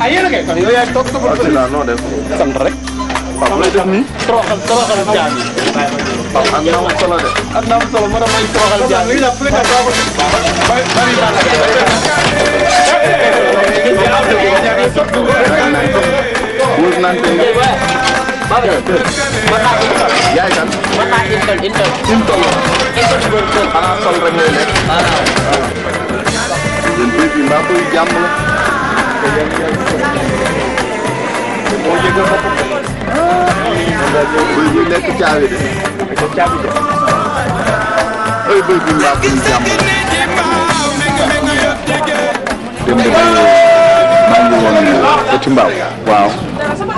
ah yéen a ngi koy. yow yaa ngi toog sa bopp noo def. sant rek. waaw bu lay def nii. toroxal toroxal jaam yi. waaw am na am solo de. am na am solo mën na may toroxal jaam yi. wóor naa ne. Babe, mata intel. Yaay kan? Mata intel, intel. Intel. Intel. Ah, sol rek ngay lekk. Ah. yéen béy bi mbaa koy jàmm la te yéen ñaar moo jege boppam. béy bi nekk caabi de. nekk caabi de. ay béy bi mbaa koy jàmm la. dem ba maa ngi woon ba ci mbaaw. waaw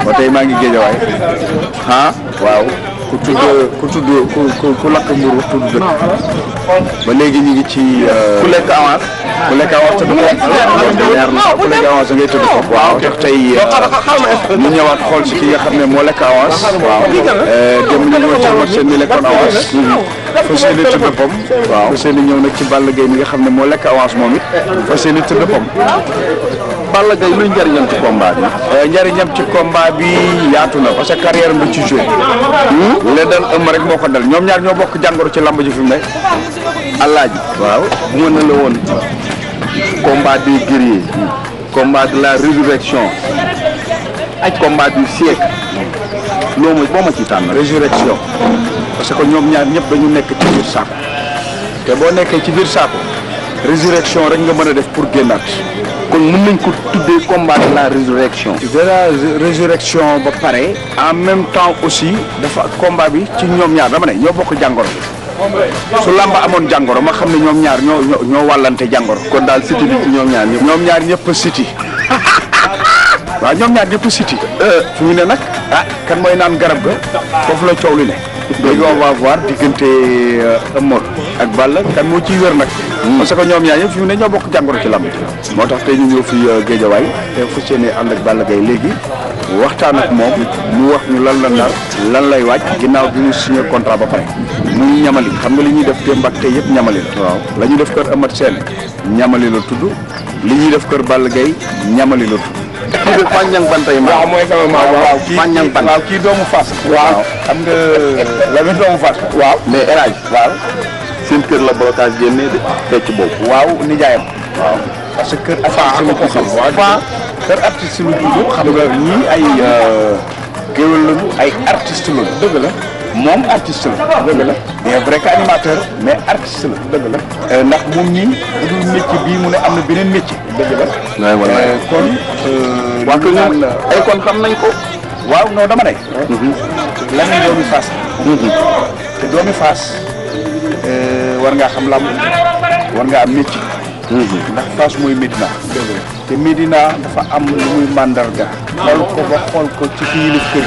ba tey maa ngi géejawaay ah waaw. ku tudd ku tudd lakk mburu wax tudd dëkk ba léegi ñu ngi ci. Euh, ku lekk avance. ku lekk avance te du ko ñaar na ku lekk avance ngay tudd ko. waaw ndax tey euh, ñu ñëwaat xool si ki nga xam ne moo lekk avance. waaw euh, démb ñu ñëw ci seen ñi fas yéene tëdd pom waaw fas yéene ñëw nag ci Balla Gaye mi nga xam ne moo lekk avance moom it fas yéene tëdd pom Balla Gaye luy njëriñam ci combat bi euh, njëriñam ci combat bi yaatu na parce que carrière bi ci joué hmm? la dal ëmm rek moo ko dal ñoom ñaar ñoo bokk jàngoro ci lamb ji fi mu ne alaaji waaw mën na la woon combat des guerriers combat de la résurrection ak combat du siècle loo ma boo ma ci tànn résurrection parce que ñoom ñaar ñëpp dañu nekk ci biir saako te boo nekkee ci biir saako résurrection rek nga mën a def pour génnaat. kon mën nañ ko tuddee combat la résurrection. de la ba pare. en même temps aussi dafa combat bi ci ñoom ñaar dama ne ñoo bokk jàngoro su làmba amoon jàngoro ma xam ne ñoom ñaar ñoo ñoo ñoo wàllante jàngoro. kon daal siti bi ci ñoom ñaar ñëpp. ñoom ñaar ñëpp siti waa ñoom ñaar ñëpp siti. Euh, fu ñu ne nag ah kan mooy naan garab ga foofu la coow li ne. léegi on va voir diggante euh, Mor ak Balla kan moo ci wér nag. Hmm. parce que ñoom ñaar fi mu ne ñoo bokk jàngoro ci lamb moo tax tey ñu ñëw fi euh, géejawaay te fu seen ànd ak Balla Gaye léegi waxtaan ak moom mu wax ñu lan la nar lan lay waaj ginnaaw bi mu signé contrat ba pare. muy ñamali xam nga li ñuy def démb ak tey yëpp ñamali waaw la def kër Amath Sène ñamali la tudd li ñuy def kër Balla Gaye ñamali la tudd. kii Fane Banta waaw kii waaw xam nga Lamine mais El waaw seen kër la blocage génne de fecc boobu. waaw nijaayam. waaw parce que kër artiste lu ko xam waaw kër artiste lu ko xam nga ñii ay euh, géwél lañu ay artiste lañu dëgg la. moom artiste la dëgg la bien vrai que animateur mais artiste la dëgg la euh, ndax moom nii budul métier bii mu ne am na beneen métier dëgg la euh, kon euh, waxtu ñoom ay kon xam nañ ko waaw non dama ne mhm. la nañ doomi faas mhm. te doomi faas war ngaa xam lam war ngaa am métier Mm-hmm. ndax Fass mooy Médina te Médina dafa am lu muy màndarga xool ko ba xool ko ci ki yilif kër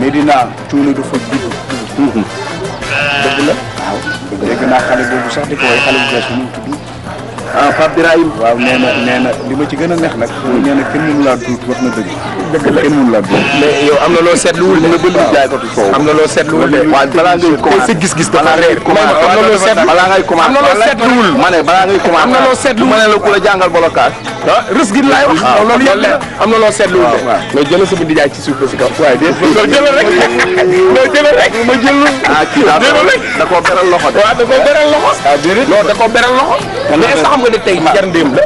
Médina mm-hmm. cuuna dafa judd mm-hmm. dëgg la waaw dégg naa xale boobu sax di ko xale bu bees bu mu tudd ah Pape na nee na li ma ci gën a neex nag na kenn mënu laa duut wax na dëgg dëgg am na loo seetluwul nga bëgg jaay ko ci am na loo seetluwul balaa ngay commencé am na loo seetlu balaa ngay commencé ma ne balaa ngay commencé am na loo seetlu ma ne la ku la jàngal bolokaas ah rës gi wax ah, loolu yëpp la am na loo seetluwul de ah, mais jëlal sa bindi jaay ci suuf ba si kaw waaye déet loo jëlal ah, da koo beral loxo de waaw da koo beral loxo da koo xam nga ne tey jar ndéem la.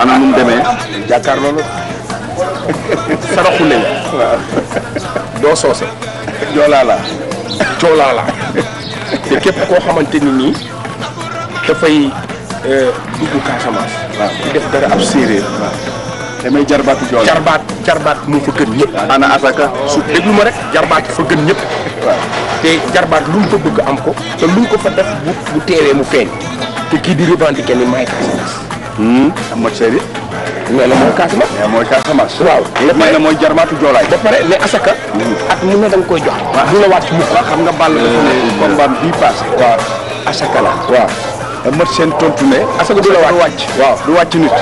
ana nu demee. jàkkaarloo la. saraxu leen. waaw. doo soose. joolaala. joolaala. te képp koo xamante ni nii dafay euh, dugg Casamance. waaw di def dara ab séeréer. waaw damay jarbaatu jool jarbaat jarbaat moo fa gën ñëpp. ana asaka su déglu ma rek jarbaat fa gën ñëpp. waaw te jarbaat lu mu fa bëgg am ko. te lu mu ko fa def bu bu mu feeñ. te kii di revendiqué ni maay Casamance. Hmm? am na séeréer. nee na mooy Casamance. nee mooy waaw lépp nee na mooy jarmaatu joolaay. ba pare ne asaka. at mu ne da koy jox. waaw du la waat mukk. waaw xam nga Balla dafa ne euh. combat bii passé. waaw asaka la. waaw mat seen tontu ne. asaka du la wàcc waaw du wàcc nit.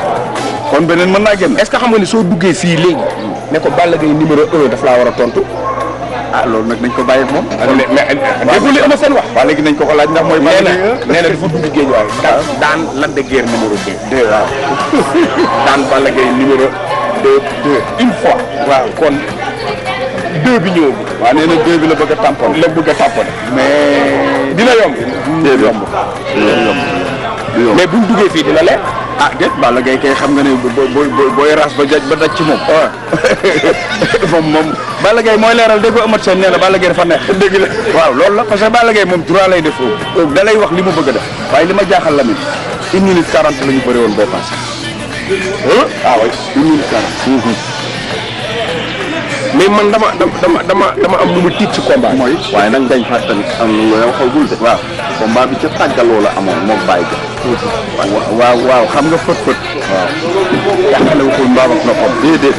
kon beneen mën naa génn. est-ce que xam nga ni soo duggee fii léegi. ne ko Balla Gaye numéro un daf laa war a tontu. ah loolu nag nañ ko bàyyi moom. mais déggul li ama seen wax. waaw léegi nañ ko ko laaj ndax mooy. nee na nee na dafa dugg géej waaye. daan Lac de Guiers numéro 2. 2 waaw. daan Balla Gaye numéro une fois. waaw kon deux bi ñëw. waaw nee na bi la bëgg a tamponné. la bëgg a tamponné. mais dina yomb. dina yomb dina yomb. mais buñ duggee fii di dina lekk. ah déet Balla Gaye kay xam nga ne booy booy booy raas ba daj ba daj ci moom. waaw ah. moom moom Balla Gaye mooy leeral dégg nga Eumeu Sène nee na Balla Gaye dafa neex. dëgg la waaw loolu la parce que Balla Gaye moom droit lay def da lay wax li mu bëgg a def waaye li ma jaaxal la ni une minute quarante la ñu bëri woon bay passé. ah oui une minute quarante. Mhm. mais man dama dama dama dama am lu mu tiit ci combat bi. mooy waaye nag dañ fàttali am lu yow xaw gul de. waaw combat bi ca tàggaloo la amoon moom bàyyi ko. waaw waaw xam nga fët fët. waaw yàqale waxul mbaam ak noppam déedéet.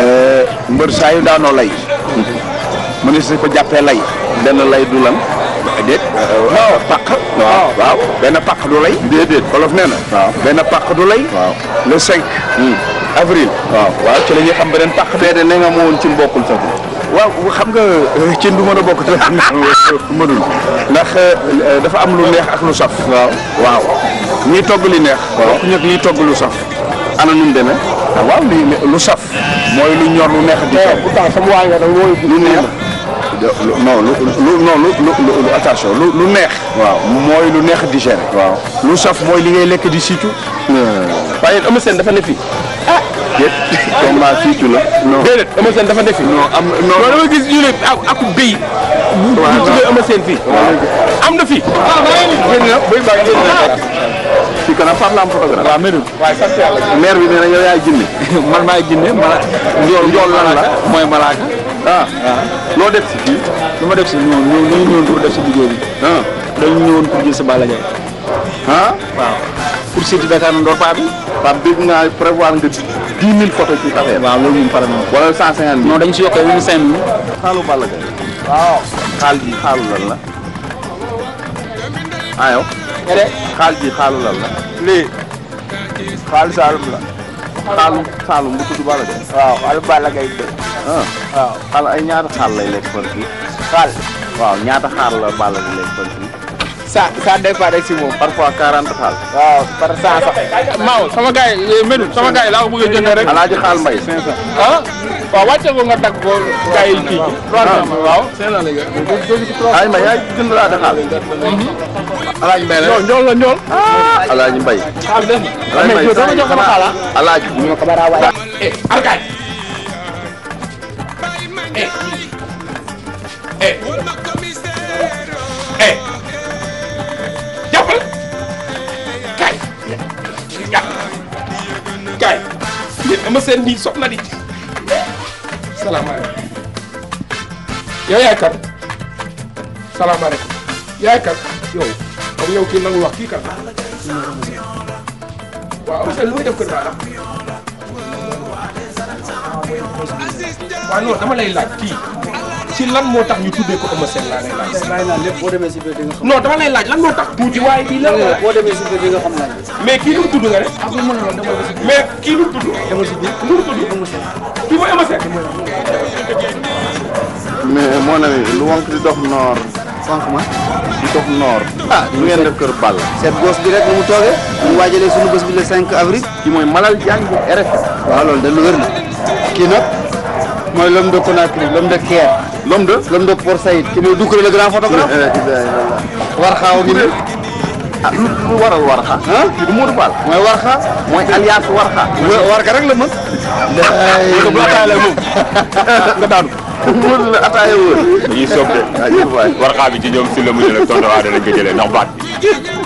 Eh, mbër saa yu daanoo lay. mu ne si ko jàppee lay. benn lay du lan. déet. waaw pàq. waaw waaw benn pàq du lay. déedéet wolof nee na. waaw benn pàq du lay. waaw le 5. Hmm. avril. waaw waaw ci la ñuy xam beneen pàq. déedéet nee nga moo woon ci bokkul sax. waaw xam nga euh, cin du mën a bokk ci mënul ndax euh, dafa am lu neex ak lu saf. waaw waaw ñiy togg li neex. waaw bokk togg lu saf. ana nu mu demee. Ah, waaw lu saf. mooy lu ñor lu neex di togg. mais pourtant sama waa lu neex. non lu lu lu neex. waaw mooy lu neex digéré. waaw lu saf mooy li ngay lekk di siitu. Hmm. waaye am seen dafa ne fii. déet combat siitu la. non déedéet Eumeu dafa defi fi. non am non non gis ñu ne ak béy. waaw waaw bu fii. am na fi. génn na béy baa génn na ci kanam Pape la am photographe. waaw melu. waaye bi nee a yow yaay jinne. man maay jinne mala. njool njool lan la mooy malaaka. Ah. ah loo def si fii. lu ma def si ñoom ñoo ñoo ñëwoon pour def si liggéey bi. Ah. dañu ñëwoon pour jël sa Balla Gaye. ah waaw. pour seeti Dakar Ndor Pape bi. Pape dégg naa prévoir nga dix mille photos ci affaire waaw loolu moom pare na wala cent cinquante non dañ si yokkee wuñu cinq mille xaalu Balla Gaye waaw xaal ji xaalu lan la ayo ah, eh xaal ji xaalu lan la lii xaalu Saalum la xaalu Saalum bu tudd Balla Gaye waaw xaalu Balla Gaye dë ah. waaw xaal ay ñaata xaal lay lekk par kii xaal waaw ñaata xaal la Balla Gaye lekk par kii sa ça dépend rek si moom. parfois quarante xaal. waaw par cent sax. Maaw sama gars yi eh, Médou sama laa ko bëgg a jëndee rek. alaaji xaal mbay. ah waaw wàcce ko nga tag ko gars yi kii. Ah. waaw cinq ay ma yaa jënd laa de xaal. Mm-hmm. alaaji mbay la ñool ñool la ñool. Ah. alaaji mbay. xaal benn. Ah. alaaji mbay saa yi ama seen mii soxna di salaamaaleykum yow yaay kan salaamaaleykum yaay kan yow comme yow kii nangul wax kii kan waaw ama seen lu muy def kër daal waaw non dama lay laaj kii lan moo tax ñu tuddee ko Eumeu Sène laa lay laaj. demee si biir di nga xam. non dama lay laaj lan moo tax tuuti waaye kii lan la. boo demee mais kii lu tudd nga ne. ma mais kii lu mu tudd. dama si biir lu mu tudd. mais mon ami lu wànq di dox noor. sànq ma di dox noor. ah ñu ngeen def kër Balla. seet gos bi rek nu mu toogee. ñu waajalee suñu bés bi le cinq avril. kii mooy Malal Diagne bu RFM. waaw loolu lu wér la. kii nag mooy l'homme de Conakry l'homme de Caire L'homme de L'homme de Port Saïd ki mooy Doucouré le grand photographe. warxaa wu ñu ne. ah lu lu waral warxaa. ah du Modou Fall. mooy warxaa. mooy alias warxaa. warka rek la mën. ndax bu a la moom nga daanu. mënul la ataaya woon. dañuy soob de. warxaa bi ci ñoom si la mujj nag tontu waaye danañ ko jëlee ndax baat bi.